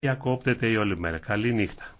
Διακόπτεται η όλη μέρα. Καλή νύχτα.